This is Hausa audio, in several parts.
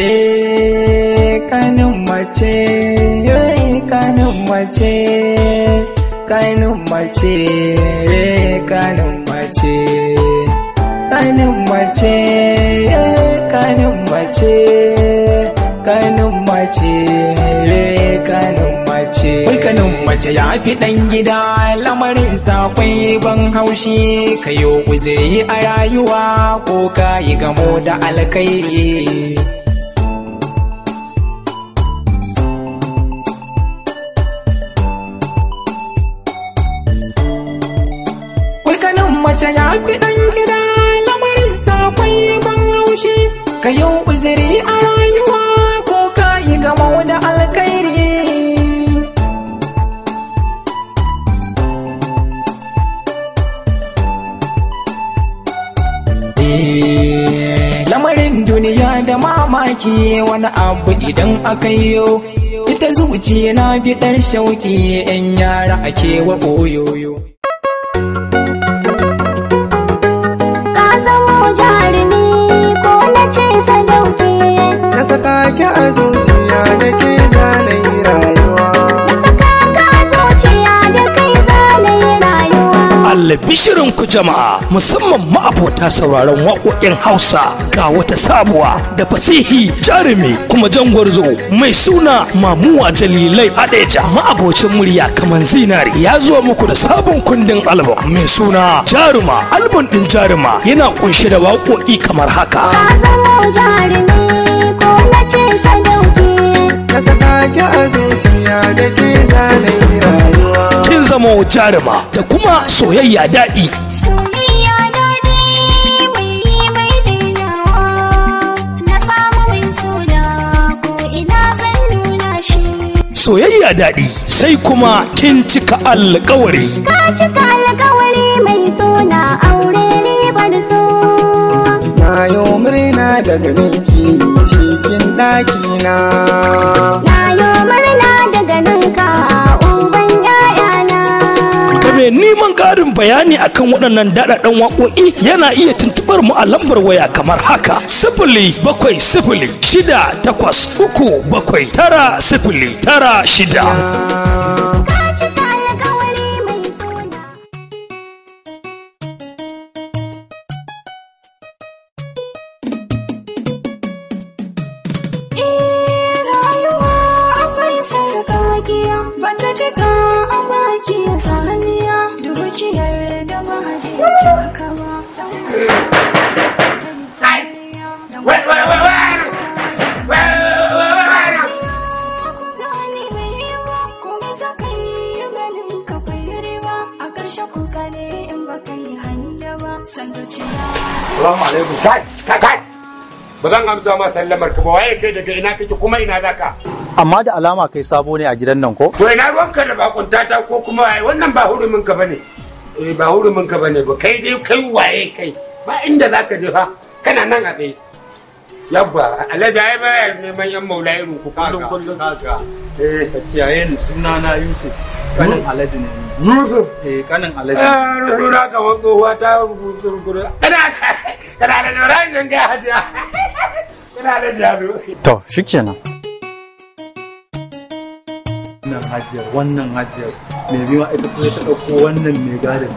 eh kanin mace eh kanin mace kanin mace eh, kanin mace kanin mace eh, kanin mace kanin mace eh, kanin mace kanin mace ya fi dan gida lamarin sakwai ban haushi kayo kuzuri a rayuwa ko yi gamo da alkairi akwai gida lamarin sakwai ban haushi ka yau uziri a rayuwa ko ka yi gama da alkairi lamarin duniya da mamaki wani abu idan aka yiwu ita zuciya na biɗar shauƙi 'yan yara ake wa ɓoyoyo a da ke ku jama'a musamman ma'abota sauraron waƙoƙin Hausa ga wata sabuwa da fasihi jarumi kuma jangwarzo mai suna mamuwa jalilai adeja ma'abocin murya kamar zinari ya zo muku da sabon kundin album mai suna jaruma album ɗin jaruma yana kunshe da waƙoƙi kamar haka. ce sadauke ka saka ki a zuciya da ke zanayi rayuwa kin zama jaruma da kuma soyayya daɗi soyayya daɗi sai kuma kin cika alkawari. Ka cika alƙawari mai suna aure. Nayo murna da ganinki cikin ɗakina. Na Nayo murna da ganinka uban ‘ya'yana. Ga mai neman ƙarin bayani akan waɗannan daɗaɗɗen waƙoƙi yana iya tuntubar mu a lambar waya kamar haka. Sifili bakwai sifili shida takwas uku bakwai tara sifili tara shida. Salamu alaikum. Kai, kai, kai. Ba zan amsa ma sallamar ka ba waye kai daga ina kake kuma ina zaka. Amma da alama kai sabo ne a gidan nan ko? To ina ruwanka da bakunta ta ko kuma wannan ba hurumin ka bane. Eh ba hurumin ka bane ba kai dai kai waye kai. Ba inda zaka je fa kana nan a tsaye. yabba alhaji ai baya neman yan maulayi irin ku kullum kullum kaga eh ka kiyaye ni suna na yusuf kanin hmm? alhaji ne yusuf eh kanin alhaji eh ah, rura ka mun tsohuwa ta rubutu rubutu kana kana da jaranin ga hajiya kana da jaru to shikenan wannan hajiyar wannan hajiyar mai biwa ita ta ɗauko wannan mai gadin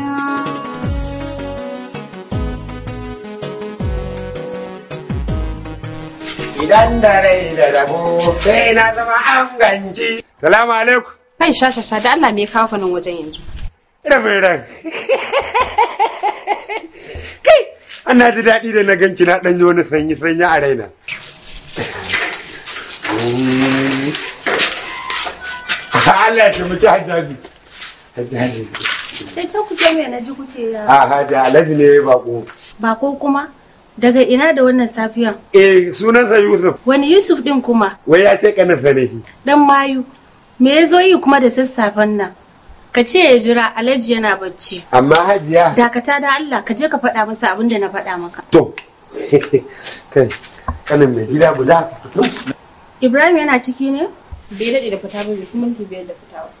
idan da rai da rabo sai na zama an ganji. Salamu alaikum. Kai sha da Allah me kawo nan wajen yanzu. Rabin ran. Kai ana ji daɗi da na ganci na ɗanyi wani sanyi sanyi a raina. Allah ya taimaki hajjaji. Hajjaji. Sai ta kuke me na ji kuke ya. A hajja alhaji ne bako. Bako kuma? Daga ina da wannan safiyan? Eh, sunansa Yusuf. Wani Yusuf din kuma? Wai ya ce kaninsa ne. Dan Mayu, me ya zo yi kuma da sassafen nan? Ka ce ya jira Alhaji yana bacci. Amma Hajiya. Dakata da Allah, ka je ka faɗa masa abin da na faɗa maka. To, kai, kanin mai gida guda. Ibrahim yana ciki ne? Bai daɗe da fita ba, bai kuma bai da fita ba.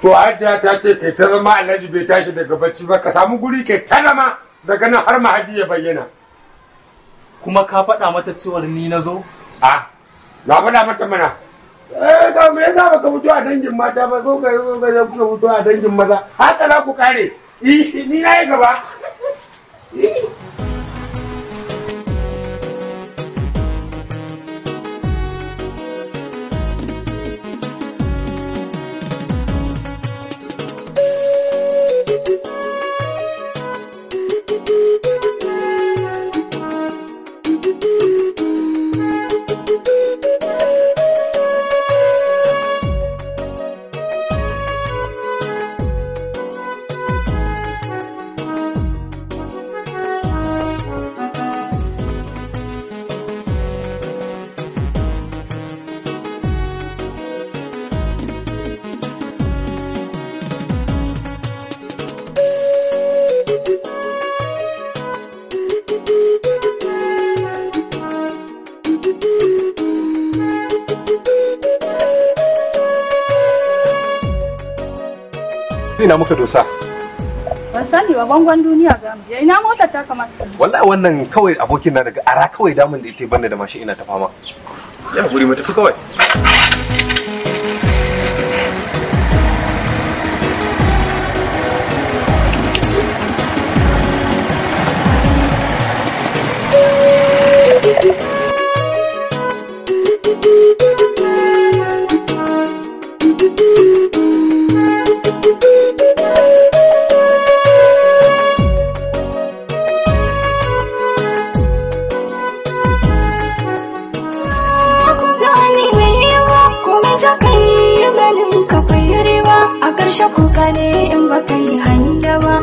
to hajiya ta ce kai ta zama alhaji bai tashi daga bacci ba ka samu guri kai ta zama daga nan har mahadi ya bayyana kuma ka faɗa mata cewar ni na zo a na faɗa mata mana eh ga me yasa baka fito a dangin mata ba ko ka ga fito a dangin maza haka na ku kare ni na yi gaba ina muka dosa ban sani ba bangon duniya za mu je ina motar ta kamata wallahi wannan kawai abokin na daga ara kawai damun da ita banda da mashi ina ta fama ya guri mu tafi kawai Thank you.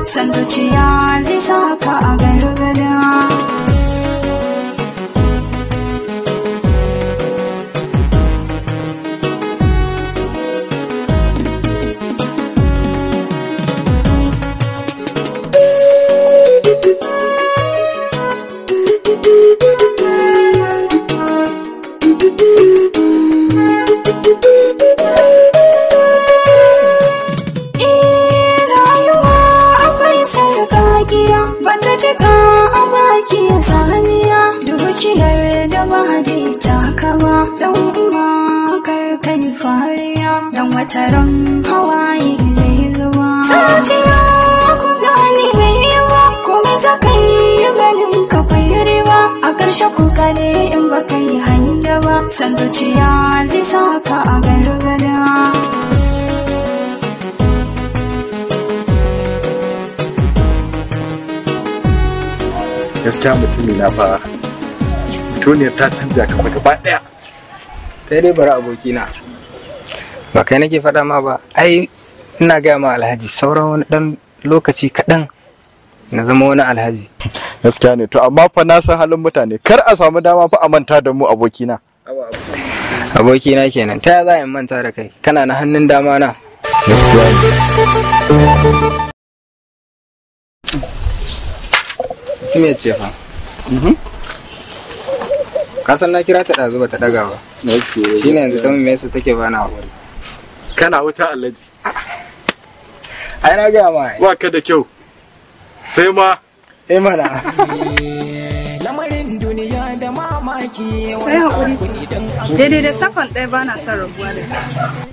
san ya. wataran hawaye zai zuwa zuciya ku gane mai yawa kuma zaka yi ganin ka kwarewa a ƙarshe ku in baka yi hanya ba san zai saka a gargada gaskiya mutumi na fa mutuniyar ta canja kamar gaba daya ta dai bari abokina ba kai nake faɗa ma ba ai ina gaya ma alhaji sauran wani ɗan lokaci kaɗan na zama wani alhaji gaskiya ne to amma fa na san halin mutane kar a samu dama fa a manta da mu abokina abokina kenan ta za in manta da kai kana na hannun dama na me ce mhm. ka san na kira ta ɗazu ba ta ɗaga ba shi ne yanzu ta mai su take na hakuri kana wuta alhaji a yana gaya ma ba ka da kyau sai ma eh mana da sai su daidai da sakon ɗaya ba na son rabuwa da kai.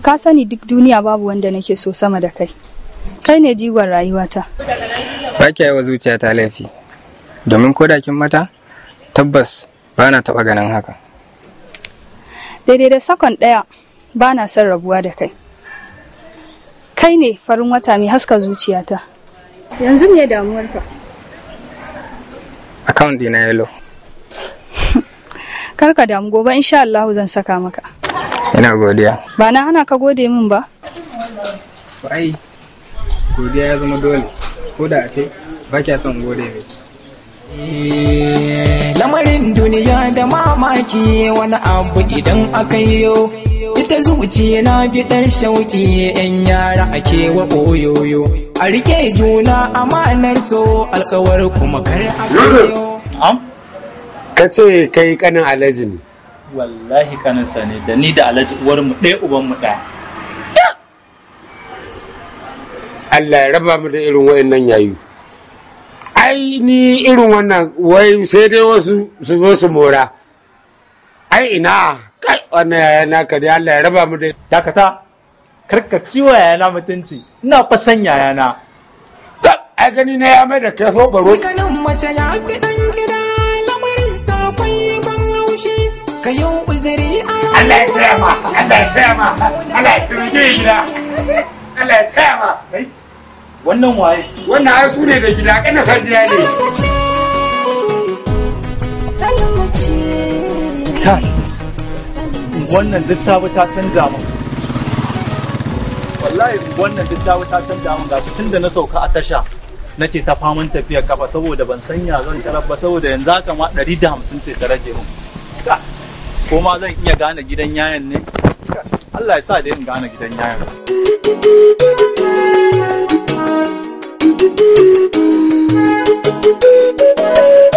ka sani duk duniya babu wanda nake so sama da kai kai ne jigon rayuwata ba ki yi wa zuciya ta laifi domin ko kin mata tabbas ba na taɓa ganin haka daidai da sakon ɗaya ba na son rabuwa da kai kai ne farin wata mai haska zuciyata yanzu me damuwarka account dina yellow karka damu gobe insha Allah zan saka maka ina godiya ba na hana ka gode min ba ai godiya ya zama dole ko da a ce ba kya son gode mai eh, lamarin duniya da mamaki wani abu idan aka yi yau ta zuci na fitar shauƙi yan yara a kewa oyoyo a rike juna amanar so alkawar kuma kar a kayo ka ce kai kanin alaji ne wallahi kanin ne da ni da alhaji mu ɗaya mu ɗaya Allah ya raba mu da irin wa'annan yayu ai ni irin wannan wai sai dai wasu su zo su mora ai ina kai wannan yaya na dai Allah ya raba mu dai dakata karka ciwo na mutunci ina fa san ta ai gani na ya mai da kai so baro kanin mace ya fi dan gida lamarin safai ban haushi ka yau uzuri a Allah ya tsaya ma Allah ya tsaya ma Allah ya tsaya gida Allah ya tsaya ma wannan waye wannan ai ne da gida kana fajiya ne kai wannan duk ta ta can min wallahi wannan duk ta ta canja ga tun da na sauka a tasha nake ta faman tafiya kafa saboda ban sanya zan tarar ba saboda yanzu haka ma 150 ce ta rage min ko ma zan iya gane gidan yayan ne Allah ya sa da yin gane gidan yayan Thank you.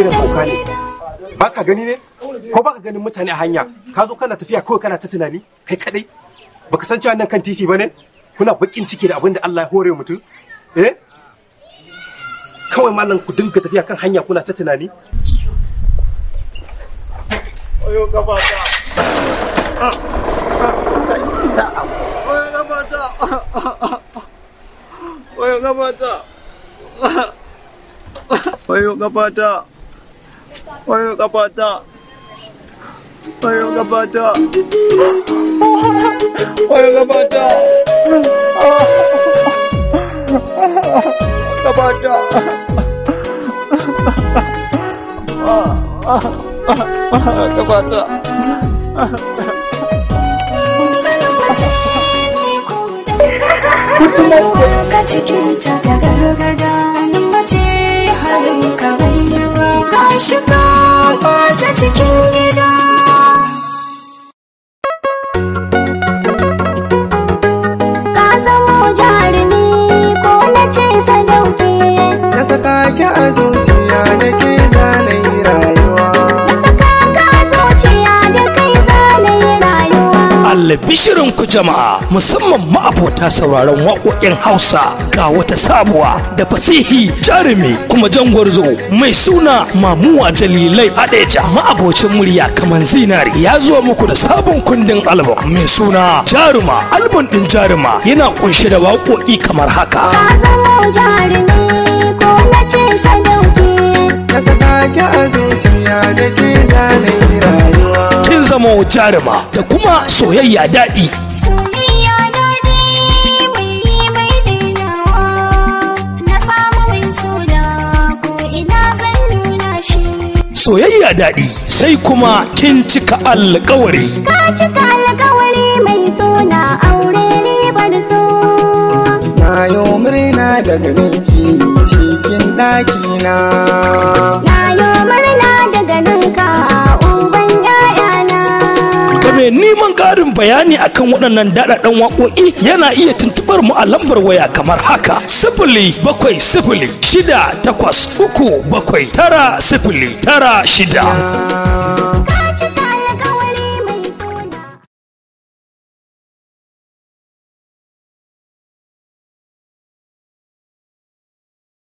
irin hauka ne ba ka gani ne ko ba ka ganin mutane a hanya ka zo kana tafiya kawai kana ta tunani kai kadai baka san cewa nan kan titi ba ne kuna bakin ciki da abin da Allah ya hore mutum eh kawai malam ku dinga tafiya kan hanya kuna ta tunani oyo gaba ta oyo gaba ta oyo gaba ta oyo gaba ta Bayo ka bata. Bayo ka bata. Bayo ka bata. Ka bata. Ka bata. Kutumo. 같이길찾아가는거야 a zuciya da ku jama'a musamman ma'abota sauraron waƙoƙin Hausa ga wata sabuwa da fasihi jarumi kuma jangwarzo mai suna mamuwa jalilai adeja ma'abocin murya kamar zinari ya zo muku da sabon kundin album mai suna jaruma album ɗin jaruma yana kunshe da waƙoƙi kamar haka. Ka jarumi. ce sadauke ka saka a zuciya da ke zanen rayuwa kin zama jaruma da kuma soyayya daɗi soyayya daɗi mai yi mai na samu mai soda ko ina zan nuna shi soyayya daɗi sai kuma kin cika alƙawari ka cika alƙawari mai suna aure ribar so na yi murna da cikin ɗaki Na yo murna da ka uban ‘ya'yana. Ga mai neman ƙarin bayani akan waɗannan daɗaɗɗen waƙoƙi yana iya tuntuɓar mu a lambar waya kamar haka. Sifili bakwai sifili shida takwas uku bakwai tara sifili tara shida.